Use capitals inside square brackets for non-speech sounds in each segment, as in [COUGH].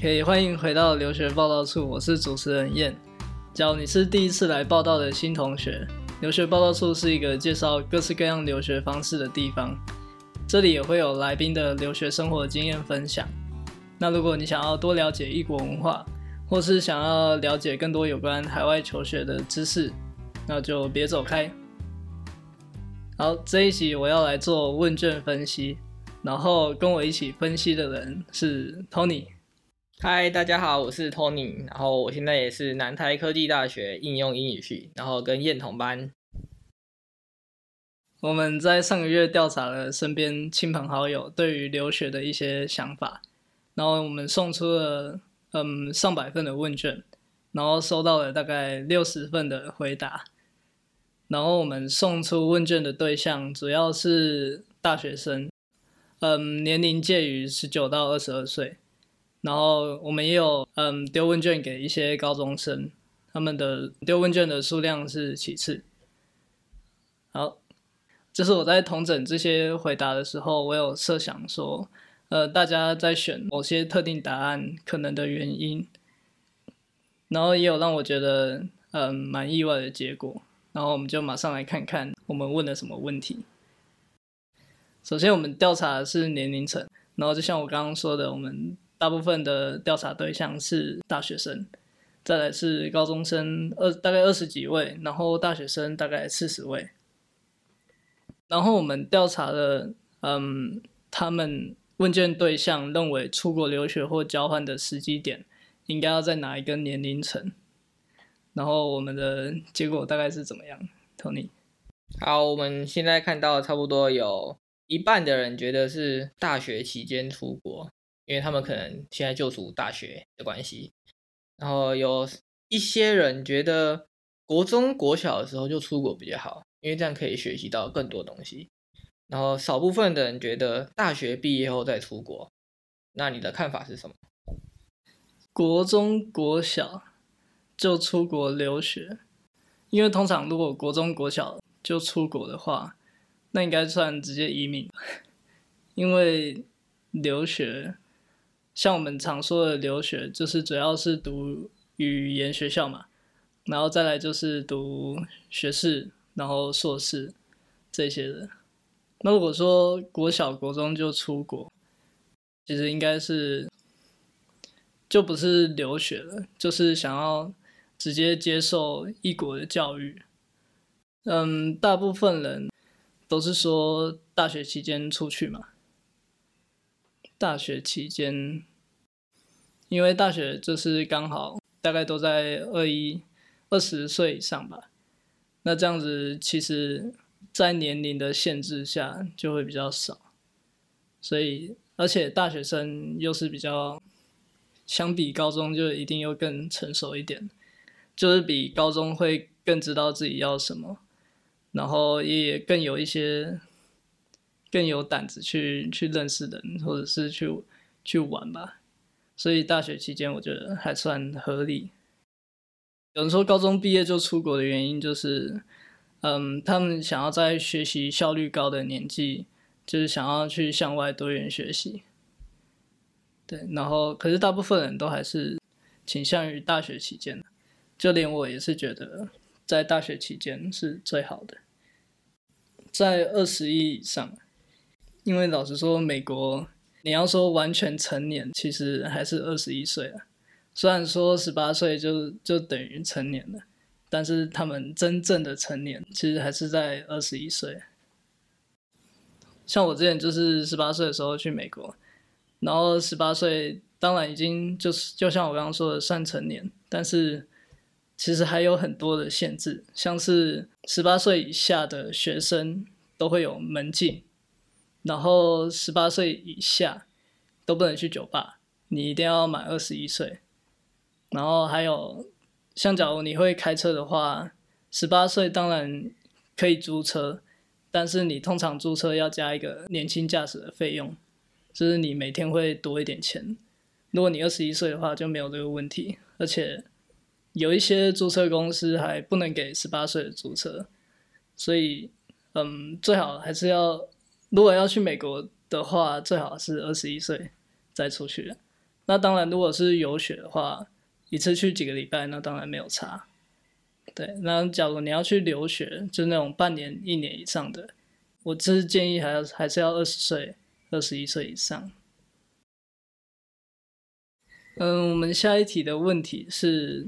可以，歡迎回到留學報道處，我是主持人燕。只要你是第一次來報道的新同學，留學報道處是一個介紹各式各樣留學方式的地方，這裡也會有來賓的留學生活經驗分享。那如果你想要多了解異國文化，或是想要了解更多有關海外求學的知識，那就別走開。好，這一集我要來做問卷分析，然後跟我一起分析的人是 Tony。嗨，Hi, 大家好，我是 Tony，然後我現在也是南台科技大學應用英語系，然後跟燕同班。我們在上個月調查了身邊親朋好友對於留學的一些想法，然後我們送出了嗯上百份的問卷，然後收到了大概六十份的回答。然後我們送出問卷的對象主要是大學生，嗯，年齡介於十九到二十二歲。然後我們也有嗯丟問卷給一些高中生，他們的丟問卷的數量是其次。好，就是我在統整這些回答的時候，我有設想說，呃，大家在選某些特定答案可能的原因。然後也有讓我覺得嗯蠻意外的結果。然後我們就馬上來看看我們問了什麼問題。首先我們調查的是年齡層，然後就像我剛剛說的，我們。大部分的調查對象是大學生，再來是高中生二，二大概二十幾位，然後大學生大概四十位。然後我們調查了，嗯，他們問卷對象認為出國留學或交換的時機點應該要在哪一個年齡層？然後我們的結果大概是怎麼樣，Tony？好，我們現在看到差不多有一半的人覺得是大學期間出國。因為他們可能現在就讀大學的關係，然後有一些人覺得國中、國小的時候就出國比較好，因為這樣可以學習到更多東西。然後少部分的人覺得大學畢業後再出國。那你的看法是什麼？國中、國小就出國留學，因為通常如果國中、國小就出國的話，那應該算直接移民，因為留學。像我們常說的留學，就是主要是讀語言學校嘛，然後再來就是讀學士、然後碩士這些的。那如果說國小、國中就出國，其實應該是就不是留學了，就是想要直接接受異國的教育。嗯，大部分人都是說大學期間出去嘛。大學期間，因為大學就是剛好大概都在二十一、二十歲以上吧，那這樣子其實，在年齡的限制下就會比較少，所以而且大學生又是比較，相比高中就一定又更成熟一點，就是比高中會更知道自己要什麼，然後也更有一些。更有膽子去去認識人，或者是去去玩吧。所以大學期間我覺得還算合理。有人說高中畢業就出國的原因就是，嗯，他們想要在學習效率高的年紀，就是想要去向外多元學習。對，然後可是大部分人都還是傾向於大學期間，就連我也是覺得在大學期間是最好的，在二十一以上。因為老實說，美國你要說完全成年，其實還是二十一歲了啊。雖然說十八歲就就等於成年了，但是他們真正的成年其實還是在二十一歲。像我之前就是十八歲的時候去美國，然後十八歲當然已經就是就像我剛剛說的算成年，但是其實還有很多的限制，像是十八歲以下的學生都會有門禁。然後十八歲以下都不能去酒吧，你一定要滿二十一歲。然後還有，像假如你會開車的話，十八歲當然可以租車，但是你通常租車要加一個年輕駕駛的費用，就是你每天會多一點錢。如果你二十一歲的話就沒有這個問題，而且有一些租車公司還不能給十八歲的租車，所以嗯，最好還是要。如果要去美國的話，最好是二十一歲再出去。那當然，如果是遊學的話，一次去幾個禮拜，那當然沒有差。對，那假如你要去留學，就那種半年、一年以上的，我這是建議還，還要還是要二十歲、二十一歲以上。嗯，我們下一題的問題是，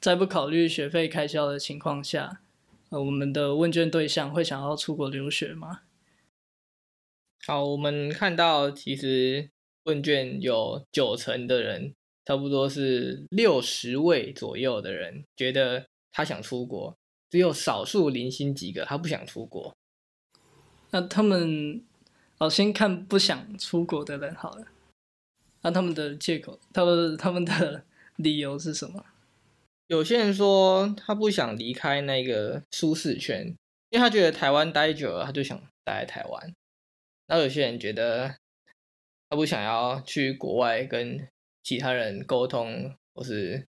在不考慮學費開銷的情況下，呃，我們的問卷對象會想要出國留學嗎？好，我們看到其實問卷有九成的人，差不多是六十位左右的人，覺得他想出國，只有少數零星幾個他不想出國。那他們，哦，先看不想出國的人好了。那他們的借口，他們他們的理由是什麼？有些人說他不想離開那個舒適圈，因為他覺得台灣待久了，他就想待在台灣。那有些人覺得他不想要去國外跟其他人溝通，或是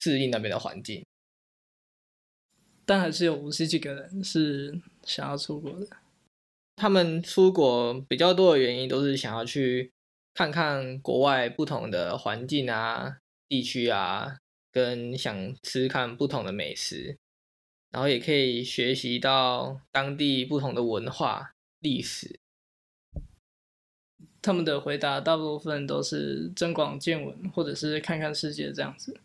適應那邊的環境，但還是有五十幾個人是想要出國的。他們出國比較多的原因都是想要去看看國外不同的環境啊、地區啊，跟想吃看不同的美食，然後也可以學習到當地不同的文化。歷史，他們的回答大部分都是《增廣見聞》或者是《看看世界》這樣子。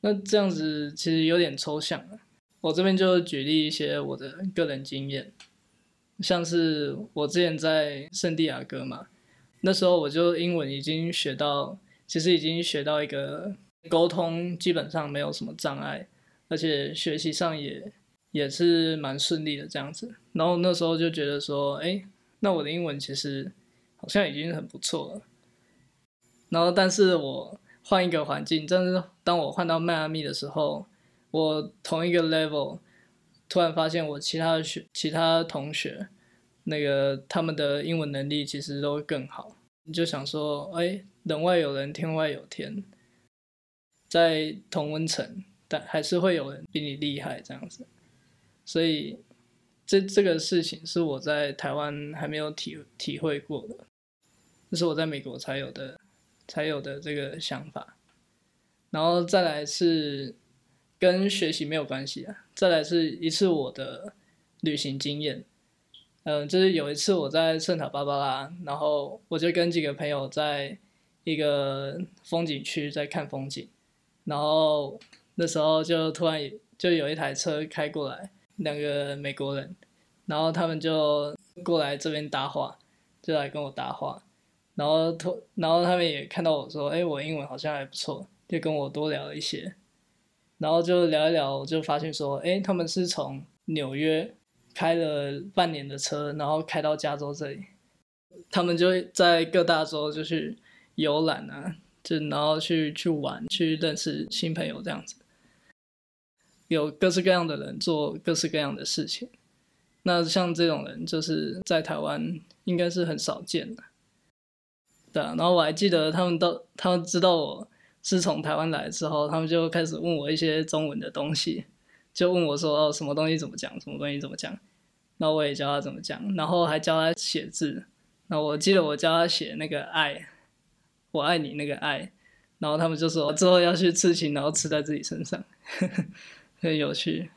那這樣子其實有點抽象了啊。我這邊就舉例一些我的個人經驗，像是我之前在聖地亞哥嘛，那時候我就英文已經學到，其實已經學到一個溝通基本上沒有什麼障礙，而且學習上也。也是蠻順利的這樣子，然後那時候就覺得說，哎、欸，那我的英文其實好像已經很不錯了。然後，但是我換一個環境，但是當我換到邁阿密的時候，我同一個 level，突然發現我其他的學、其他同學，那個他們的英文能力其實都會更好。你就想說，哎、欸，人外有人，天外有天，在同溫層，但還是會有人比你厲害這樣子。所以，這這個事情是我在台灣還沒有體體會過的，這是我在美國才有的，才有的這個想法。然後再來是跟學習沒有關係啊，再來是一次我的旅行經驗。嗯、呃，就是有一次我在聖塔芭芭拉，然後我就跟幾個朋友在一個風景區在看風景，然後那時候就突然就有一台車開過來。兩個美國人，然後他們就過來這邊搭話，就來跟我搭話，然後他，然後他們也看到我說，哎，我英文好像還不錯，就跟我多聊了一些，然後就聊一聊，我就發現說，哎，他們是從紐約開了半年的車，然後開到加州這裡，他們就在各大洲就去遊覽啊，就然後去去玩，去認識新朋友這樣子。有各式各樣的人做各式各樣的事情，那像這種人就是在台灣應該是很少見的，對啊。然後我還記得他們都他們知道我是從台灣來之後，他們就開始問我一些中文的東西，就問我說：“哦，什麼東西怎麼講？什麼東西怎麼講？”那我也教他怎麼講，然後還教他寫字。那我記得我教他寫那個“愛”，我愛你那個“愛”，然後他們就說：“我之後要去刺青，然後刺在自己身上。 [LAUGHS] ”很有趣，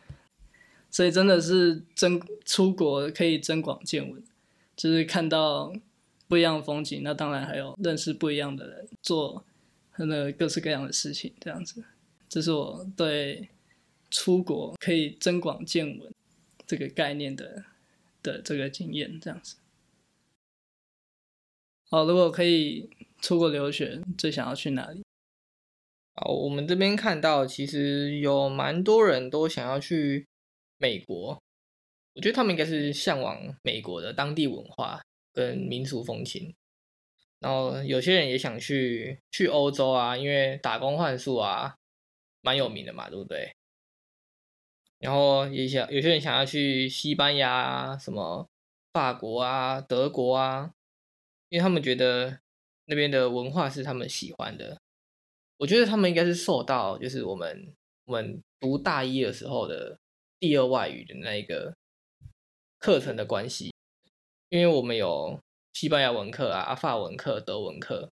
所以真的是增出國可以增廣見聞，就是看到不一樣的風景，那當然還有認識不一樣的人，做那個各式各樣的事情，這樣子。這是我對出國可以增廣見聞這個概念的的這個經驗，這樣子。好，如果可以出國留學，最想要去哪裡？好，我們這邊看到，其實有蠻多人都想要去美國，我覺得他們應該是向往美國的當地文化跟民俗風情。然後有些人也想去去歐洲啊，因為打工換宿啊，蠻有名的嘛，對不對？然後也想有些人想要去西班牙啊，什麼法國啊、德國啊，因為他們覺得那邊的文化是他們喜歡的。我覺得他們應該是受到，就是我們我們讀大一的時候的第二外語的那一個課程的關係，因為我們有西班牙文課啊、阿法文課、德文課，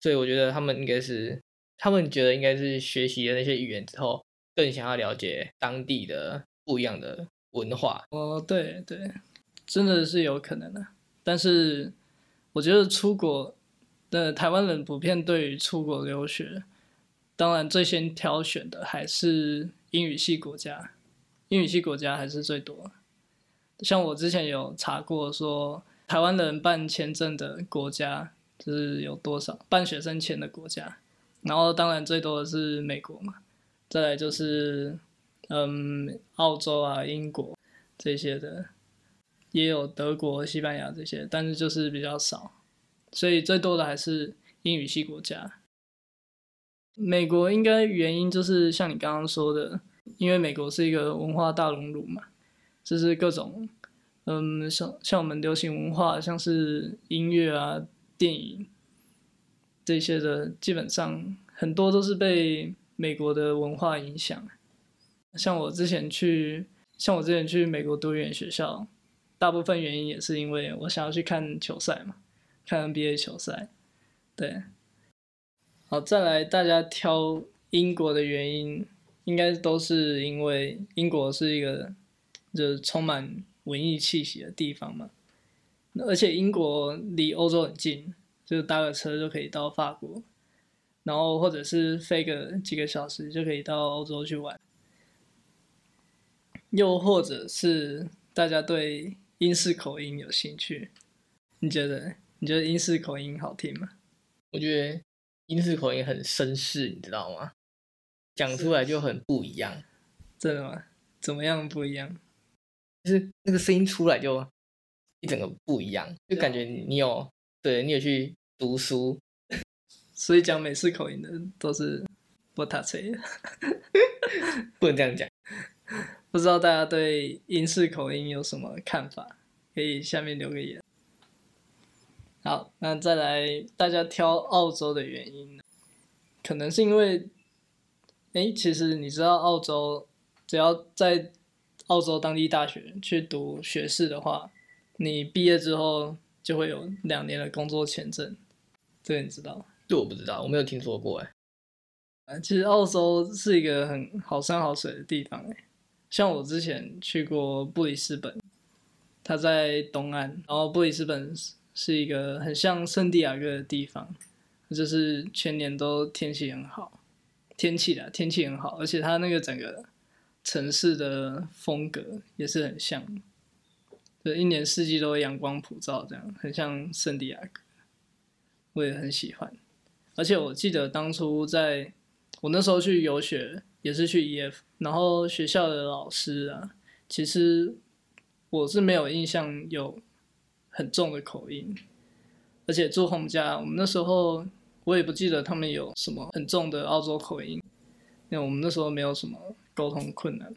所以我覺得他們應該是，他們覺得應該是學習了那些語言之後，更想要了解當地的不一樣的文化。哦，對對，真的是有可能的啊，但是我覺得出國。那台灣人普遍對於出國留學，當然最先挑選的還是英語系國家，英語系國家還是最多。像我之前有查過說，說台灣人辦簽證的國家就是有多少，辦學生簽的國家，然後當然最多的是美國嘛，再來就是嗯澳洲啊、英國這些的，也有德國、西班牙這些，但是就是比較少。所以最多的還是英語系國家，美國應該原因就是像你剛剛說的，因為美國是一個文化大熔爐嘛，就是各種，嗯，像像我們流行文化，像是音樂啊、電影這些的，基本上很多都是被美國的文化影響。像我之前去，像我之前去美國讀語言學校，大部分原因也是因為我想要去看球賽嘛。看 NBA 球賽，對，好，再來，大家挑英國的原因，應該都是因為英國是一個就是充滿文藝氣息的地方嘛，而且英國離歐洲很近，就搭個車就可以到法國，然後或者是飛個幾個小時就可以到歐洲去玩，又或者是大家對英式口音有興趣，你覺得？你覺得英式口音好聽嗎？我覺得英式口音很紳士，你知道嗎？講出來就很不一樣。真的嗎？怎麼樣不一樣？就是那個聲音出來就一整個不一樣，啊、就感覺你有對你有去讀書。 [LAUGHS] 所以講美式口音的都是不打的， [LAUGHS] 不能這樣講。不知道大家對英式口音有什麼看法？可以下面留個言。好，那再來大家挑澳洲的原因可能是因為，哎、欸，其實你知道澳洲，只要在澳洲當地大學去讀學士的話，你畢業之後就會有兩年的工作簽證，這個、你知道。這我不知道，我沒有聽說過哎。其實澳洲是一個很好山好水的地方哎，像我之前去過布里斯本，他在東岸，然後布里斯本。是一個很像聖地亞哥的地方，就是全年都天氣很好，天氣啦，天氣很好，而且它那個整個城市的風格也是很像，對，一年四季都陽光普照，這樣很像聖地亞哥，我也很喜歡。而且我記得當初在我那時候去遊學，也是去 EF，然後學校的老師啊，其實我是沒有印象有。很重的口音，而且住 home 家，我們那時候我也不記得他們有什麼很重的澳洲口音，那我們那時候沒有什麼溝通困難，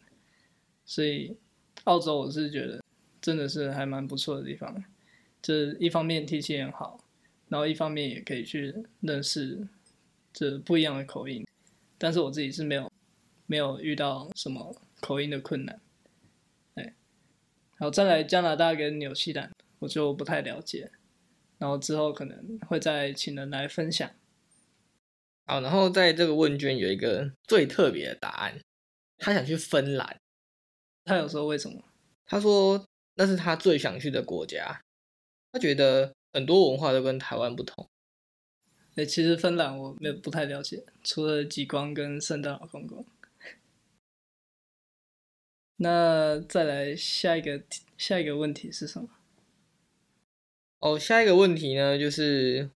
所以澳洲我是覺得真的是還蠻不錯的地方，就是一方面天氣很好，然後一方面也可以去認識這不一樣的口音，但是我自己是沒有沒有遇到什麼口音的困難，哎，好，再來加拿大跟紐西蘭。我就不太了解，然後之後可能會再請人來分享。好，然後在這個問卷有一個最特別的答案，他想去芬蘭。他有說為什麼？他說那是他最想去的國家，他覺得很多文化都跟台灣不同。哎、欸，其實芬蘭我沒有不太了解，除了極光跟聖誕老公公。 [LAUGHS] 那再來下一個下一個問題是什麼？哦，下一個問題呢，就是、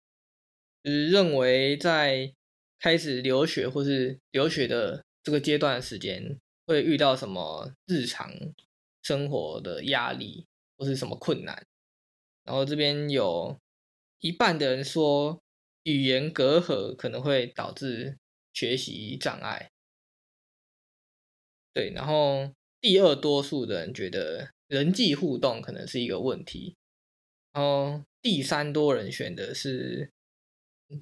就是、認為在開始留學或是留學的這個階段的時間，會遇到什麼日常生活的壓力或是什麼困難？然後這邊有一半的人說，語言隔閡可能會導致學習障礙。對，然後第二多數的人覺得人際互動可能是一個問題。哦，然後第三多人選的是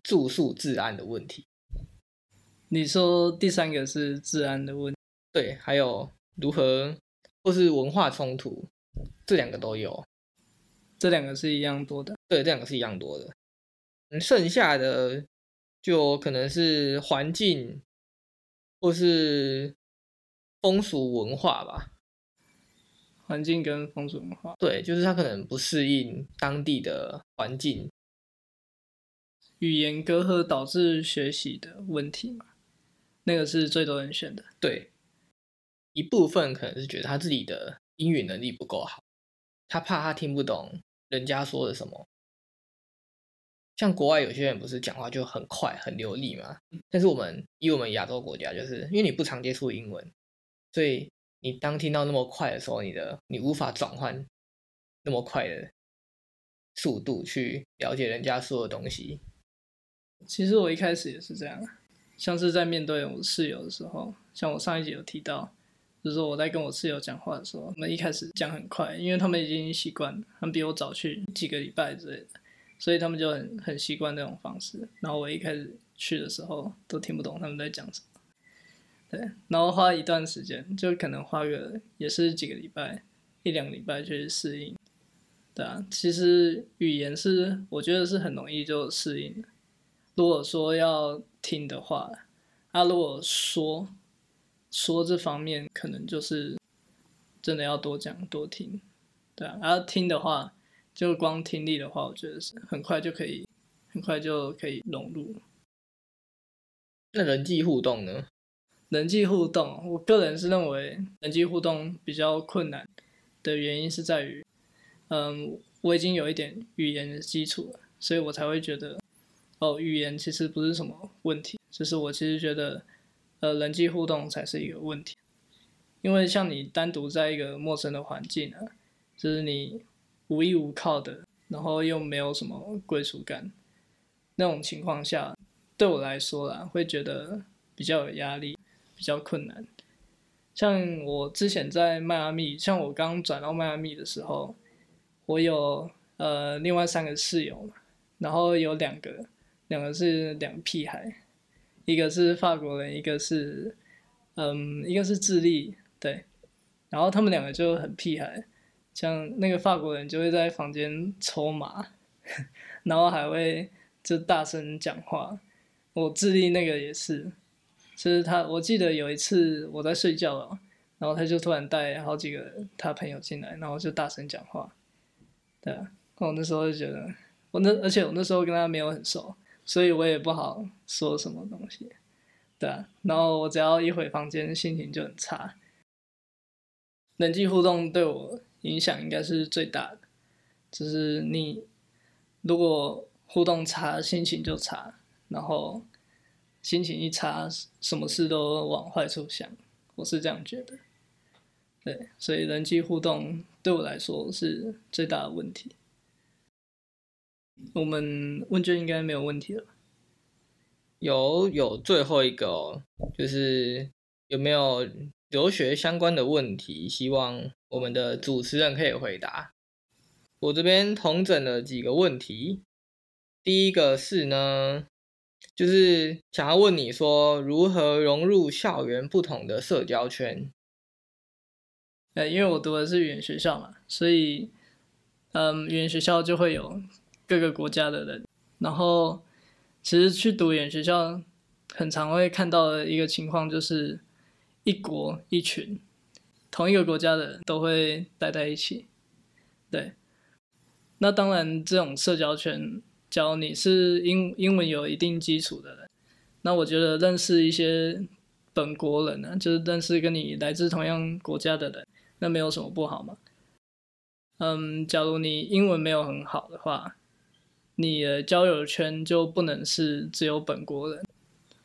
住宿治安的問題。你說第三個是治安的問題？對，還有如何，或是文化衝突，這兩個都有，這兩個是一樣多的。對，這兩個是一樣多的。嗯，剩下的就可能是環境，或是風俗文化吧。環境跟風俗文化，對，就是他可能不適應當地的環境，語言隔閡導致學習的問題嘛，那個是最多人選的。對，一部分可能是覺得他自己的英語能力不夠好，他怕他聽不懂人家說的什麼。像國外有些人不是講話就很快很流利嘛，嗯、但是我們以我們亞洲國家，就是因為你不常接觸英文，所以。你當聽到那麼快的時候，你的你無法轉換那麼快的速度去了解人家說的東西。其實我一開始也是這樣，像是在面對我室友的時候，像我上一集有提到，就是說我在跟我室友講話的時候，我們一開始講很快，因為他們已經習慣了，他們比我早去幾個禮拜之類的，所以他們就很很習慣這種方式。然後我一開始去的時候，都聽不懂他們在講什麼。對，然後花一段時間，就可能花個也是幾個禮拜，一兩個禮拜去適應，對啊。其實語言是我覺得是很容易就適應的。如果說要聽的話，啊，如果說說這方面可能就是真的要多講多聽，對啊。而、啊、聽的話，就光聽力的話，我覺得是很快就可以，很快就可以融入。那人際互動呢？人際互動，我個人是認為人際互動比較困難的原因是在於，嗯，我已經有一點語言的基礎了，所以我才會覺得，哦，語言其實不是什麼問題，就是我其實覺得，呃，人際互動才是一個問題，因為像你單獨在一個陌生的環境啊，就是你無依無靠的，然後又沒有什麼歸屬感，那種情況下，對我來說啦，會覺得比較有壓力。比較困難，像我之前在邁阿密，像我剛轉到邁阿密的時候，我有呃另外三個室友嘛，然後有兩個，兩個是兩屁孩，一個是法國人，一個是嗯、呃、一個是智利，對，然後他們兩個就很屁孩，像那個法國人就會在房間抽麻，然後還會就大聲講話，我智利那個也是。其實他，我記得有一次我在睡覺了哦，然後他就突然帶好幾個他朋友進來，然後就大聲講話，對啊，我那時候就覺得，我那而且我那時候跟他沒有很熟，所以我也不好說什麼東西，對啊，然後我只要一回房間，心情就很差，人際互動對我影響應該是最大的，就是你如果互動差，心情就差，然後。心情一差，什麼事都往壞處想，我是這樣覺得。對，所以人際互動對我來說是最大的問題。我們問卷應該沒有問題了。有，有最後一個哦，就是有沒有留學相關的問題？希望我們的主持人可以回答。我這邊統整了幾個問題，第一個是呢。就是想要問你說，如何融入校園不同的社交圈？呃，因為我讀的是語言學校嘛，所以，嗯，語言學校就會有各個國家的人。然後，其實去讀語言學校，很常會看到的一個情況就是，一國一群，同一個國家的人都會待在一起。對，那當然這種社交圈。假如你是英英文有一定基礎的人，那我覺得認識一些本國人呢、啊，就是認識跟你來自同樣國家的人，那沒有什麼不好嘛。嗯，假如你英文沒有很好的話，你的交友圈就不能是只有本國人，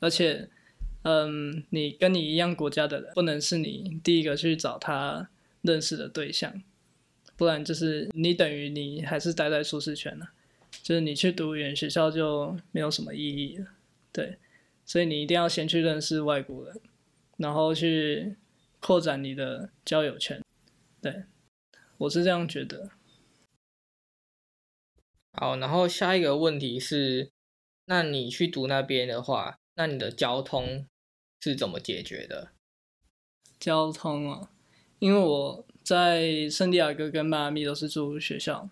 而且，嗯，你跟你一樣國家的人不能是你第一個去找他認識的對象，不然就是你等於你還是待在舒適圈了、啊就是你去讀語言學校就沒有什麼意義了，對，所以你一定要先去認識外國人，然後去擴展你的交友圈，對，我是這樣覺得。好，然後下一個問題是，那你去讀那邊的話，那你的交通是怎麼解決的？交通啊，因為我在聖地亞哥跟邁阿密都是住學校。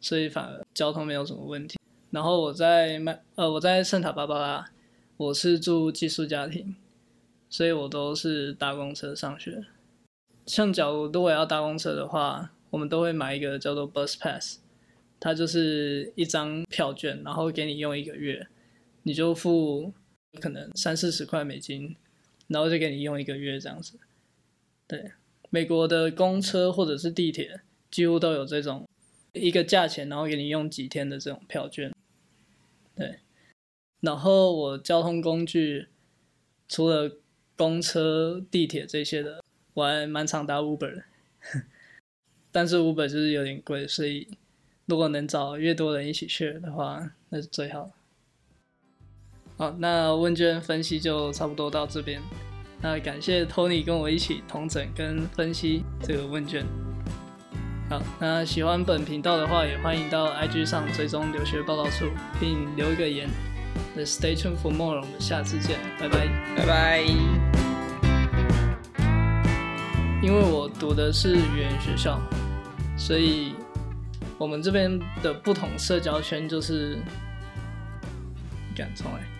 所以反而交通沒有什麼問題。然後我在麥，呃，我在聖塔芭芭拉，我是住寄宿家庭，所以我都是搭公車上學。像假如，如果我要搭公車的話，我們都會買一個叫做 Bus Pass，它就是一張票券，然後給你用一個月，你就付可能三四十塊美金，然後就給你用一個月這樣子。對，美國的公車或者是地鐵幾乎都有這種。一個價錢，然後給你用幾天的這種票券，對。然後我交通工具除了公車、地鐵這些的，我還蠻常搭 Uber，但是 Uber 就是有點貴，所以如果能找越多人一起去的話，那是最好。好，那問卷分析就差不多到這邊，那感謝 Tony 跟我一起統整跟分析這個問卷。好，那喜歡本頻道的話，也歡迎到 IG 上追蹤留學報道處，並留一個言。The stay tuned for more，我們下次見，拜拜，拜拜。因為我讀的是語言學校，所以我們這邊的不同社交圈就是敢衝哎。